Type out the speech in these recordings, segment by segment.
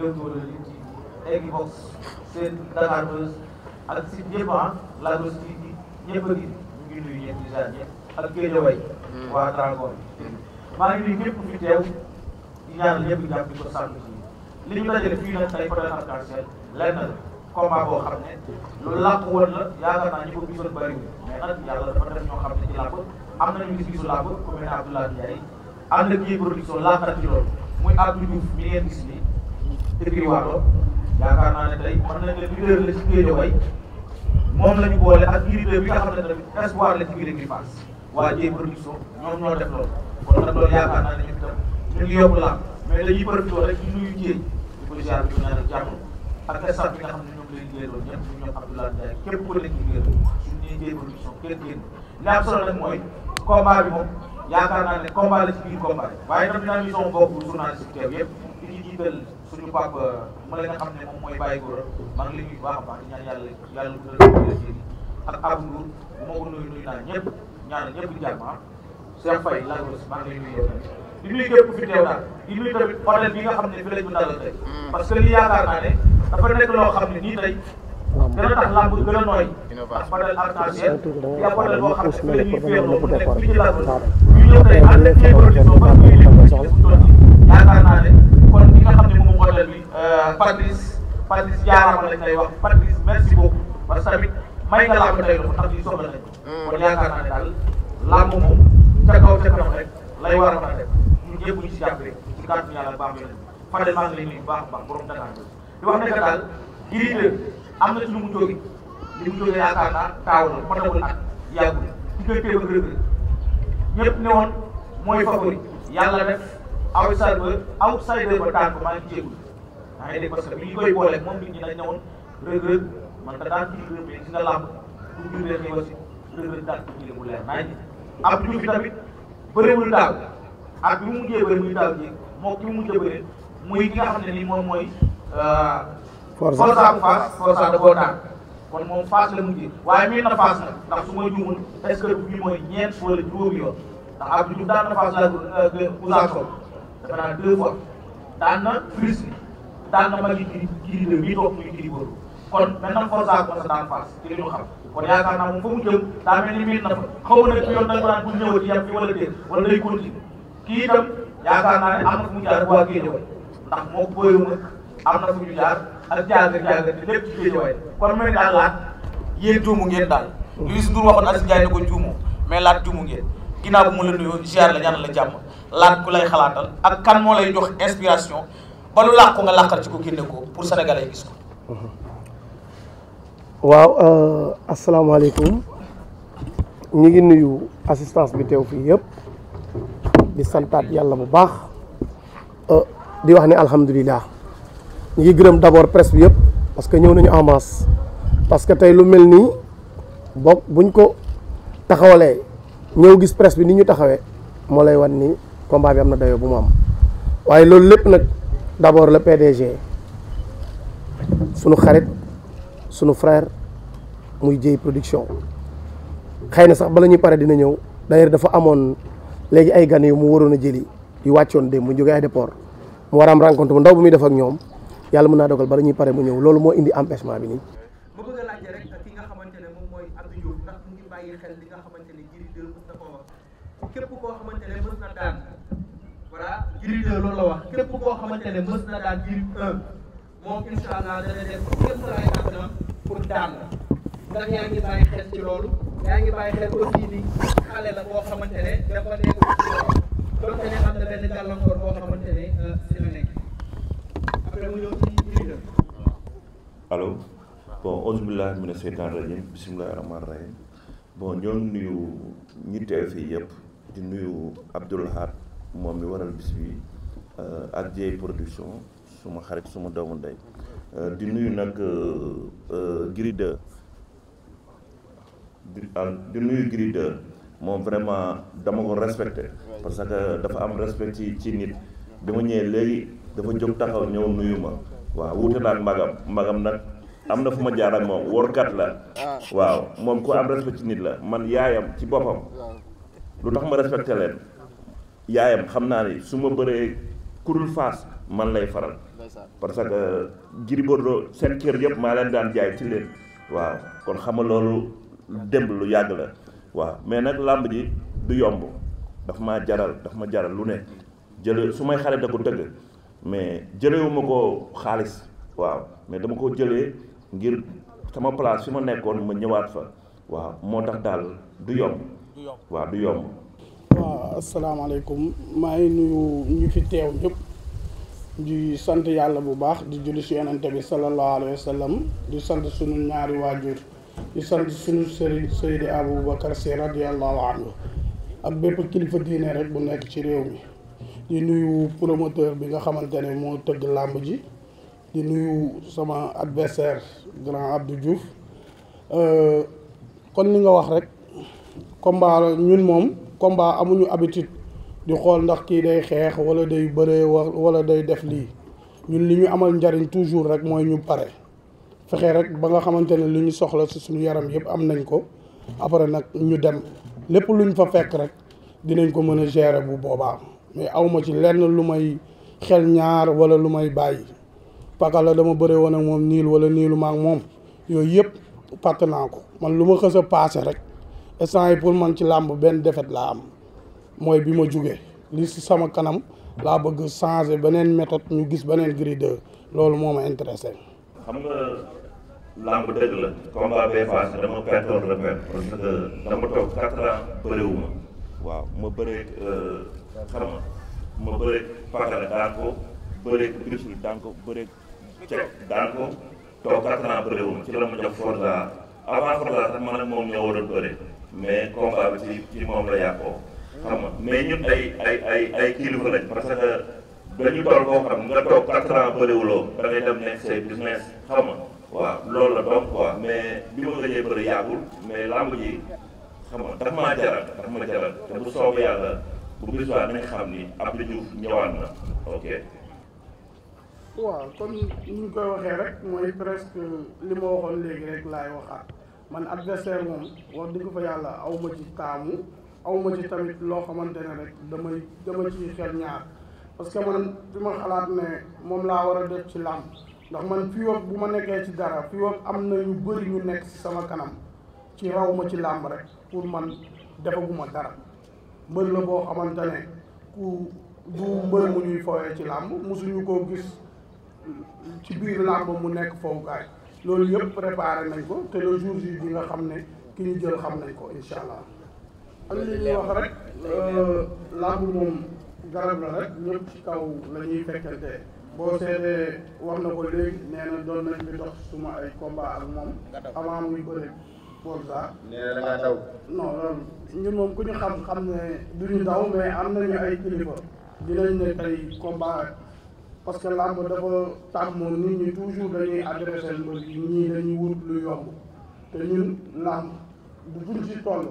Leewtoo la YouTube Equivox seen Dakar Buzz ak si ñëpp ah la Grosse TV ñëpp a ngi ñu ngi nuyu ñëpp di saa ñëpp ak Guédiawaye mm. waa Dragon maa ngi nuyu ñëpp fi teew di ñaanal ñëpp jàpp di ko sant ci li ñu dajale fii nag tey Fadel ak Arcel lenn la combat boo xam ne lu làkk woon la yaakaar naa ñu ko gisoon bëriwul mais nag yàlla dafa def ñoo xam ne ci làkk am nañu gis-gisu làkk ku mel ne Abdoulaye Ndiaye ànd ak production làkk ak ci loolu muy Abdou Diouf mi ngeen gis nii dëkk yu waatoo yaakaar naa ne tey mën nañ leen leader la ci Guédiawaye moom la ñu boole ak leader bi nga xam ne tamit espoir la ci biir équipe Fass waa Dieng production ñoom ñoo def loolu kon nag loolu yaakaar naa ne ñun tam ñu ngi yokk laam mais dañuy profité rek ñu nuyu Dieng di ko ziar bi ñaanal jàmm ak staff bi nga xam ne ñoom lañ liggéeyaloon ñëpp ñu ku nekk liggéeyal suñu nee Dieng production kenn génn li am solo nag mooy combat bi moom yaakaar naa ne combat la ci biir suñu papa ma la nga xam ne moom mooy bàyyi góor maa ngi lay nuyu bu baax a baax di ñaan yàlla yàlla guddal ci ak Abou Ndour bu ma ko nuyu nuyu naa ñëpp ñaan ñëpp di jàmm ah Cheikh Faye laa gis maa ngi lay nuyu yow tamit di nuyu képp fi teew daal di nuyu tamit hôtel bi nga xam ne fi lañ ñu dalal tey mm. parce que li yaakaar naa ne dafa nekk loo xam ne nii tey gën a tax làmb gën a nooy ak hôtel arc xam ne fi la ñuy féeroo nekk fii ci làmb ñu ñëw tey ànd ak ñeentoo de euh, Patrice Patrice jaarama lañ lay wax Patrice merci beaucoup parce que tamit may nga làmb tey dafa xam ni soxla nañ ko. kon yaakaar naa ne daal làmb moom ca kaw ca kanam rek lay war a mën a def ñun ñëpp ñu si jàppale si kàddu yàlla baax na Fadel maa ngi lay nuyu baax a baax borom Dakar di wax ne que daal Gris 2 am na ci lu mu jógee li mu jógee yaakaar naa taaw na matagul at yàggul diggante ba Reug Reug ñëpp ne woon mooy favori yàlla def outsider ba outsider ba tànn maa ngi jéegul yaa ngi dégg parce que bi ñu koy booleeg moom nit ñi dañ ne woon Reug Reug man da daan ci Reug Reug gis nga làmb pour ñu leen ñëw si Reug Reug daan ci mu leer naa ngi ab ñu fi tamit bëriwul daal ak bi mu mujjee bëri muy daal ji moo ki mu mujjee bëri muy ki nga xam ne nii moom mooy. Forza Forza bu Fass Forza da daan kon moom Fass la mujjee waaye miin na Fass nag ndax su ma juumul est ce que mooy ñeent wala juróomi bi ñu daan na Fass laaj daan deux daan na Malick Giri Giri de mii toog muy Giri Bordeaux kon maintenant Forza commencé daan Fass ci li ñu xam kon yaakaar naa moom fa mu jëm daa mel ni miin na fa xaw ma nag yoon dañu daan bu kii itam yaakaar naa ndax moo ko booyoo am na fu ñu jaar ak jaagar jaagar te lépp ci kon mel daal laat yéen juumu ngeen daal. Youssou Ndour waxoon Aziz Ndiaye ne ko juumoo mais laat juumu ngeen ginnaaw bu mu la nuyoo ziar la ñaanal la jàmm laat ku lay xalaatal ak kan moo lay jox inspiration ba lu làqu nga làqal ci ko génne ko pour sénégalais yi gis ko. Mhm. waaw euh, asalaamaaleykum ñu ngi nuyu assistance bi teew fii yëpp di santaat yàlla bu baax euh, di wax ne alhamdulilah ñu ngi gërëm d'abord presse bi yëpp parce que ñëw nañu en parce que tey lu mel nii bokk buñ ko taxawalee ñëw gis presse bi ni ñu taxawee moo lay wan ni combat bi am na dayoo bu mu am waaye loolu lépp nag. d'abord le PDG sunu xarit sunu frère muy jëy production xëy na sax bala ñuy pare dina ñëw d'ailleurs dafa amoon léegi ay gan yu mu waroon a jëli yu wàccoon démb mu jógee aéroport mu war am rencontre bu ndaw bu muy def ak ñoom yàlla mën naa dogal bala ñuy pare mu ñëw loolu moo indi empêchement bi nii. xamante ne moom mooy xamante ne Gris 2 loolu la wax képp koo xamante ne mës na daan Gris 1 moom incha allah dana def képp laay àndam pour daan la ndax yaa ngi bàyyi xel ci loolu yaa ngi bàyyi xel aussi ni xale la boo xamante ne dafa ne am xamante ne euh, si la nekk après mu ñëw ci Gris 2. allo bon auzu billaahi mina seytaani rajiim bismillaahi rahmaani rahiim bon ñoo nuyu ñi teew fii yëpp di nuyu Abdoul Ahad moom mi waral bis bi euh, ak Dieye production suma xarit suma doomu ndey euh, di nuyu nag euh, Gris 2 ah, di nuyu Gris moom vraiment dama ko respecté parce que dafa am respect ci nit bi ma ñëwee léegi dafa jóg taxaw ñëw nuyu ma waaw wuute naa ak magam magam nag am na fu ma jaar ak moom workat la waaw moom ku am respect ci nit la man yaayam ci boppam lu tax ma respecté leen yaayam xam naa ne su ma bëree kurul faas man lay faral parce que Gris seen kër yëpp maa leen daan jaay ci leen waaw kon xam nga loolu démb lu yàgg la waaw mais nag làmb ji du yomb daf ma jaral daf ma jaral lu ne jële su may xale da ko tëgg mais jëlewuma ko xaalis waaw mais dama ko jëlee ngir sama place fi ma nekkoon ma ñëwaat fa waaw moo tax daal du yomb waaw du yomb waaw asalaamaaleykum maa ngi nuyu ñu fi teew ñëpp di sant yàlla bu baax di julli si bi sallallahu alayhi wa sallam di sant sunu ñaari waajur di sant sunu sëriñ Seydi Aboubacar Sy radiyallahu anhu ak bépp kilifa diine rek bu nekk ci réew mi di nuyu promoteur bi nga xamante ne moo tëgg làmb ji di nuyu sama adversaire grand Abdou Diouf euh, kon li nga wax rek combat ñun moom comme combat amuñu habitude di xool ndax kii day xeex wala day bëree wala day def lii ñun li ñu amal njariñ toujours rek mooy ñu pare fexe rek ba nga xamante ne li ñu soxla si suñu yaram yëpp am nañ ko après nag ñu dem lépp lu luñ fa fekk rek dinañ ko mën a gérer bu boobaa mais awma ci lenn lu may xel ñaar wala lu may bàyyi paka la dama bëre woon ak moom niil wala niilu maak moom yooyu yëpp fàtte naa ko man lu ma xës a paase rek instant yi man ci làmb benn défaite laa am mooy bi ma jugee li si sama kanam laa bëgg changer beneen méthode ñu gis beneen Gris 2 loolu moo ma intéressé. xam nga làmb dëgg la combat bee passé dama pertoon toog quatre ans waaw ma bëree euh, xam nga ma bëree Pakala daan ko bëree Bichri daan ko bëree Cek daan ko toog quatre ans ci la ma jox Forza. avant que daal man ak moom ñoo a bëre mais combat bi ci ci moom la yàqoo. xam nga mais ñun ay ay ay ay kilifa lañ parce que dañu toll koo xam nga toog quatre ans bëriwuloo dem nekk say business xam nga waaw loolu la donc quoi mais bi ma gëjee bëri yàggul mais làmb ji xam nga daf maa jaral daf ma jaral te bu soobee yàlla bu bis waa nañ xam ni Abdou Diouf ñëwaat na ok. waaw comme ni ñu koy waxee rek mooy presque li ma waxoon léegi rek laay waxaat man adversaire moom wax dëgg fa yàlla aw ma ci taamu aw ma ci tamit loo xamante ne rek damay dama ci xel ñaar parce que man fi ma xalaat ne moom laa war a def ci làmb ndax man fii wax bu ma nekkee ci dara fii wax am na ñu bëri ñu nekk ci sama kanam ci raw ma ci làmb rek pour man defaguma dara mbër la boo xamante ne ku du mbër mu ñuy fooyee ci làmb mosuñu koo gis ci biir làmb mu nekk fowukaay loolu yëpp préparé nañ ko te le jour ji bi nga xam ne ki ñu jël xam nañ ko incha allah am na ñuy wax rek euh, làmb moom garab la rek ñëpp ci kaw la ñuy fekkante boo seetee wax na ko léegi nee doon nañ bi dox suma ay combat ak moom avant muy bëri Forza nee na da ngaa daw non loolu ñun moom ku ñu xam xam ne du ñu daw mais am nañu ay kilifa dinañ ne tey combat parce que làmb dafa tàmmoon nit ñi toujours dañuy adressé mbër yi ñii dañuy wut lu yomb te ñun làmb bu buñ ci toll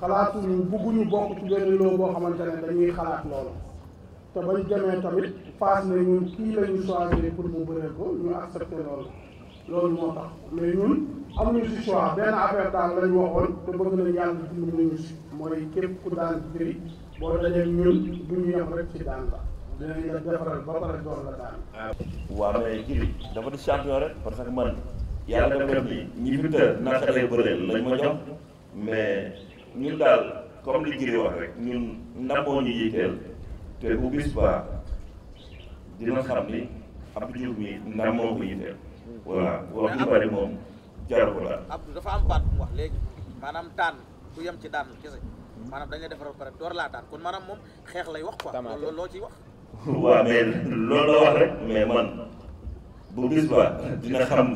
xalaatuñu bugguñu bokk ci benn loo boo xamante ne dañuy xalaat loolu te bañ demee tamit fas ne ñun kii la ñu choisir pour mu bëree ko ñu accepté loolu loolu moo tax mais ñun amuñu si choix benn affaire daal lañ waxoon te bëgg nañ yàlla dimbali nañu si mooy képp ku daan bëri boo dajee ñun du ñu yem ci daan la dinañ la defaral ba pare door la daal. waaw mais kii dafa di champion rek parce que man yàlla dafa def ni ñi fi tër naka ma jox mais ñun daal comme li Giri wax rek ñun ndamoo ñu yitteel te bu bis ba dina xam ni ab jur mi ndam moo ko yitteel. voilà wax bu bari moom jaru ko la. Abdou dafa am baat wax léegi maanaam tànn du yem ci daan kese maanaam dañ lay defar ba pare door laa daan kon maanaam moom xeex lay wax quoi. loo loo ciy wax. waaw mais loolu la wax rek mais man bu bis ba dina xam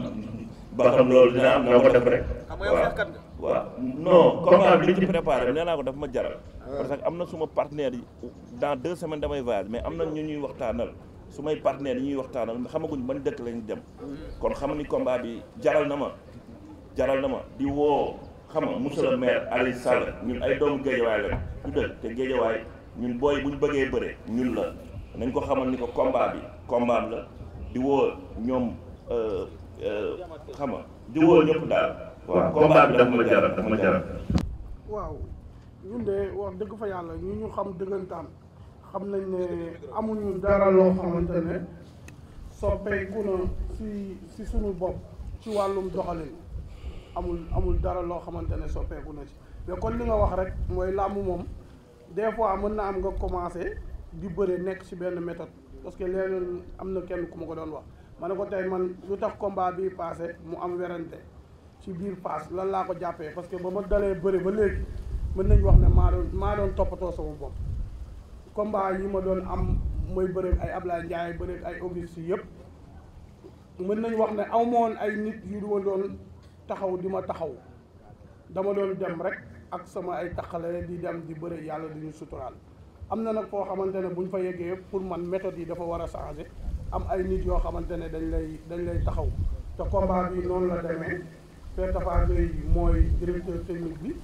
ba xam loolu dina am na ko def rek. waaw waaw non combat bi li ci préparé nee naa ko daf ma jaral. parce que am na suma partenaire yi dans deux semaine damay voyage mais am na ñu ñuy waxtaanal su may partenaire yi ñuy waxtaanal xamaguñ ban dëkk lañ dem. kon xam ni combat bi jaral na ma jaral na ma di woo xam nga monsieur le maire Aliou Sall ñun ay doomu géejawaay la ñu dëkk te géejawaay ñun booy bu ñu bëggee bëre ñun la. nañ ko xamal ni ko combat bi combat la di woo ñoom euh, euh, xam nga di woo ñëpp daal. waaw combat bi daf ma jaral waaw ñun de wax dëgg fa yàlla ñu ñu xam dëggantaan xam nañ ne amuñu dara loo xamante soppeeku na si si suñu bopp ci wàllum doxalin amul amul dara loo xamante ne soppeeku na ci mais kon li nga wax rek mooy làmb moom des fois mën na am nga commencé. di bëre nekk ci benn méthode parce que léeg am na kenn ku ma ko doon wax ma ne ko tey man lu tax combat bi passé mu am werante ci biir paas lan laa ko jàppee parce que ba ma dalee bëre ba léegi mën nañu wax ne maa doon maa doon toppatoo sama bopp combat yi ma doon am mooy bëreeg ay Ablaye Ndiaye bëreeg ay Auguste yëpp mën nañ wax ne aw ay nit yu ma doon taxaw di ma taxaw dama doon dem rek ak sama ay taxale di dem di bëre yàlla di ñu suturaal am na nag foo xamante ne bu ñu fa yeggee pour man méthode yi dafa war a changer am ay nit yoo xamante ne dañ lay dañ lay taxaw te combat bi noonu la demee Père Tapha Gueye mooy directeur technique bi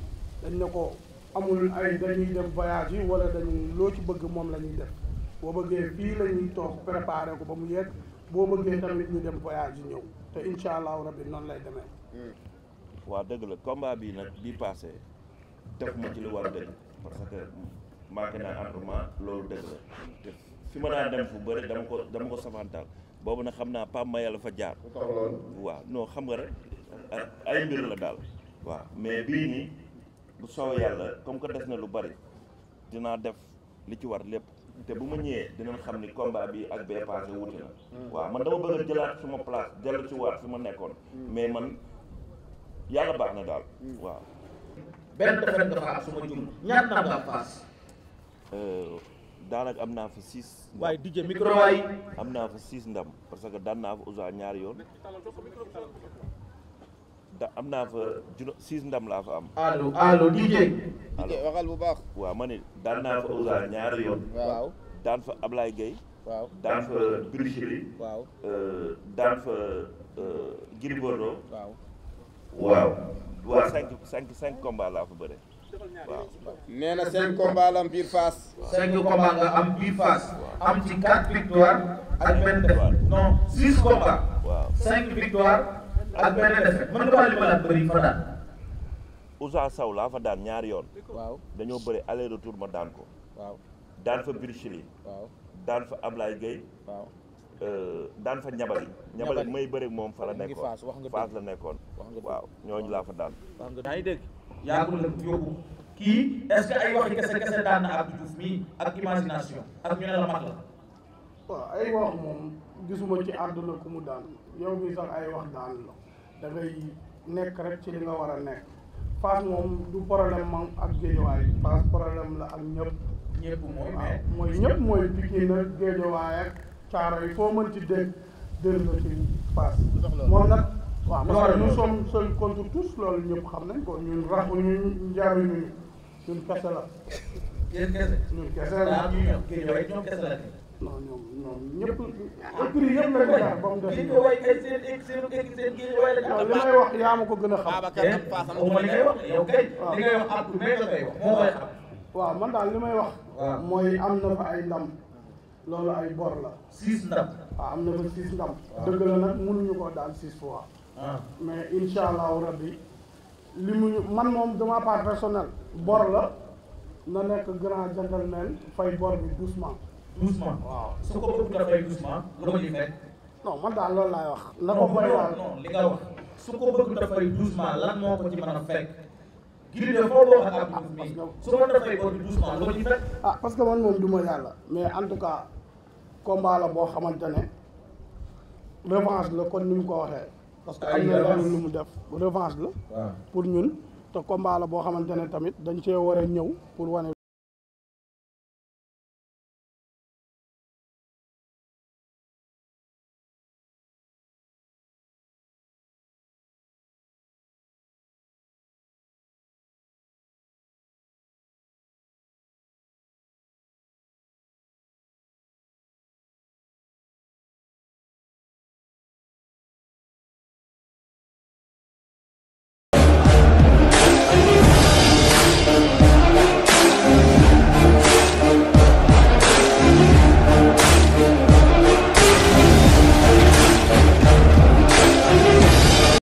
dañ ne ko amul ay dañuy dem voyage yi wala dañuy loo ci bëgg moom la ñuy def boo bëggee fii la toog préparer ko ba mu yegg boo bëggee tamit ñu dem voyage yi ñëw te incha allahu rabbi noonu lay demee. Hmm. waa dëgg la combat bi nag bi passé def ma ci lu war a dëgg parce que. manqué naa entraînement loolu dëgg la te fi ma daan dem bu bari dama ko dama ko safantaal boobu nag xam naa ma Mayel fa jaar. waaw noo xam nga rek ay mbir la daal. waaw mais bii nii bu soobee yàlla comme que des na lu bari dinaa def li ci war lépp te bu ma ñëwee dinañ xam ni combat bi ak bee passé wuti na. waaw man dama bëgg a jëlaat suma place dellu ci waat fi ma nekkoon. mais man yàlla baax na daal. waaw. benn defet dafa am suma jum ñaar ndam la faas. daanaka am naa fa six. waaye du micro waay am naa fa six ndam parce que daan naa fa Ousa ñaari yoon da am naa fa juróom six ndam laa fa am. allo allo DJ. DJ waxal bu baax. waaw ma ne daan naa fa Ousa ñaari yoon. waaw daan fa Ablaye Gueye. waaw daan fa Bichiri. waaw daan fa Gris waaw waaw. cinq cinq cinq combats laa fa bëre. waaw nee na cinq combats la am biir cinq combats nga am biir Fass. am ci quatre victoire ak benn défaite. non six combats. waaw cinq victoire ak benn défaite. mën nga wax li ma la Sow laa fa daan ñaari yoon. waaw dañoo bëri aller ma daan ko. waaw daan fa Birchili. waaw daan fa Ablaye Gueye. waaw. Euh, daan fa ñabali ñabali may bëri moom fa la nekkoon faas la nekkoon waaw ñooñu laa fa daan ngi dégg yàggul la yóbbu kii est-ce que ay waxi kese kese daan na Abdou Diouf mii ak imagination ak ñu ne la mag la. ay wax moom gisuma ci àdduna ku mu daan yow mii sax ay wax daan la da nekk rek ci li nga war a nekk Fass moom du problème moom ak Géejawaay Fass problème la ak ñëpp. ñëpp mooy mais mooy ñëpp mooy Pikine ak Géejawaay ak foo mën ci dégg dégg nga ci Fass moom nag. waaw loolu nous sommes seuls contre tous loolu ñëpp xam nañ ko ñun rax ñun njaaru ñu ñun kese la. yéen kese. ñun kese la ñuy ah, ñëw kii ñëw ñoom kese la non ñoom ñoom ñëpp. prix yëpp la ñu ba mu def li may wax yaa ma ko gën a xam. Eh, waaw li ngay wax yow kay. li ngay wax ak mais la koy wax moo koy xam. waaw man daal li may wax. mooy am na fa ay ndam. loolu ay bor la. six ndam. waaw am na fa six ndam. dëgg la nag mënuñu ko daal six fois. Ah. mais incha allahu rabbi li mu man moom de ma part la na nekk grand gentleman fay bor bi doucement. doucement waaw su ko bëgg nga fay doucement lu fekk. non man daal loolu laay wax. na ko fay daal li nga wax. su ko bëgg nga fay doucement lan ci fekk. ah parce que man moom du yàlla mais en tout cas combat la boo xamante ne revanche la kon ni mu ko waxee. parce que am na leneen lu mu def revanche la pour ñun te combat boo xamante ne tamit dañ cee war a ñëw pour wane